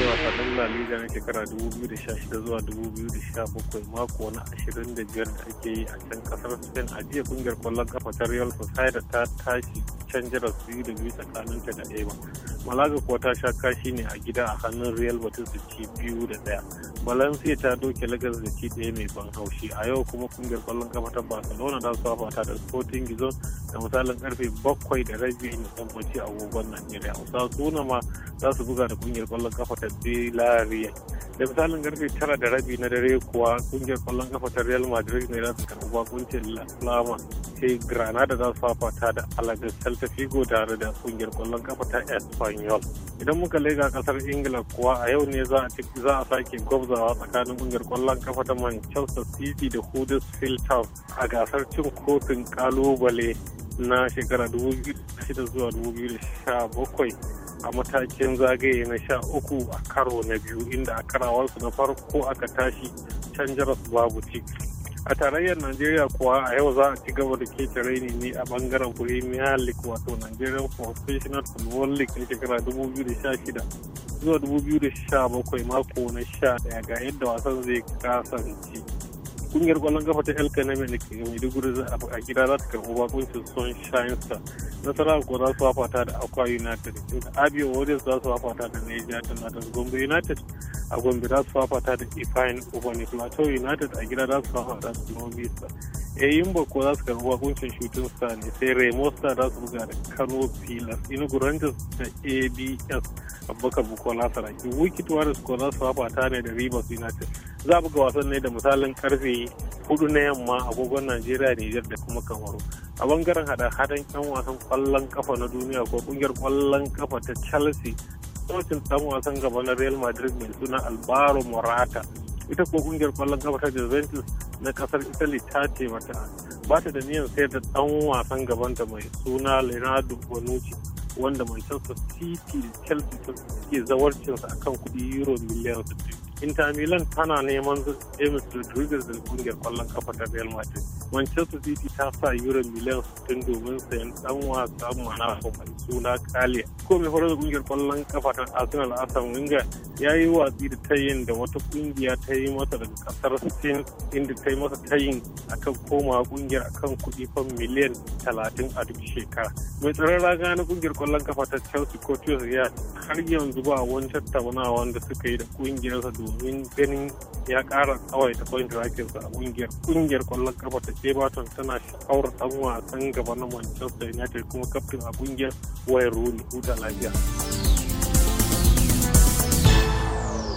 ne wasa ɗan La Liga na shekara 2016 zuwa 2017 mako na 25 da ake yi a can kasar Spain a jiya kungiyar kwallon kafa ta Real Sociedad ta tashi can su biyu da biyu tsakaninta da ɗaya ba malaga kuwa ta sha kashi ne a gida a hannun real batis da ci biyu da ɗaya valencia ta doke lagos da ci ɗaya mai ban haushi a yau kuma kungiyar kwallon kafa ta barcelona ta su fata da sporting gizon da misalin karfe bakwai da rabi na yammaci a gogon najeriya usasuna ma za su buga da kungiyar kwallon kafa ta villarreal da misalin karfe tara da rabi na dare kuwa kungiyar kwallon kafa ta real madrid ne za su karbi bakuncin la sai granada za su fafata da alagas celta figo tare da kungiyar kwallon kafa ta espanyol idan muka lega kasar ingila kuwa a yau ne za a sake gwabzawa tsakanin kungiyar kwallon kafa ta manchester city da huddersfield town a gasar cin kotun kalubale na shekara 2006 zuwa 2017 a matakin zagaye na sha uku a karo na biyu inda a karawarsu na farko aka tashi can babu ci a tarayyar najeriya kuwa a yau za a ci gaba da kece raini ne a bangaren premier league wato nigerian professional football league na shekara 2016 zuwa 2017 mako na 11 ga yadda wasan zai kasance kungiyar kwallon kafa ta elka na mai ke maiduguri a gida za ta karɓi bakuncin son shayinsa nasara ko za su hafata da akwa united abia warriors za su hafata da niger united gombe united a gombe za su fafata da ifine ubani plateau united a gida za su fafata da novi star yayin bako za su karbi wakuncin shooting star ne sai remosta za su buga da kano pilas inugu rangers da abs abubakar bukola saraki wikit warriors ko za su fafata ne da rivers united za a buga wasan ne da misalin karfe hudu na yamma agogon najeriya nijar da kuma kamaru a bangaren hada-hadan yan wasan kwallon kafa na duniya ko kungiyar kwallon kafa ta chelsea kocin dan wasan gaba na real madrid mai suna albaro morata ita ko kungiyar kwallon gaba ta juventus na kasar italy ta ce mata ba ta da niyan sayar da dan wasan gabanta mai suna leonardo bonucci wanda manchester city chelsea ke zawarcinsa akan kuɗi euro miliyan Inter Milan tana neman James Rodriguez da kungiyar kwallon kafa ta Real Madrid. Manchester City ta sa euro Milan tun domin sayan dan wasa mana mai suna Kalia. Ko mai horar da kungiyar kwallon kafa ta Arsenal Arsene Wenger ya yi watsi da tayin da wata kungiya ta yi masa daga kasar sin inda ta yi masa tayin kan koma kungiyar a kan kuɗi fan miliyan talatin a duk shekara mai tsaron raga na kungiyar kwallon kafa ta chelsea ko ya har yanzu ba wani tattaunawa wanda suka yi da kungiyarsa domin ganin ya ƙara ta point rakinsa a kungiyar kungiyar kwallon kafa ta everton tana sha'awar dan wasan gaba na manchester united kuma kaftin a kungiyar wayar ruli huta lafiya.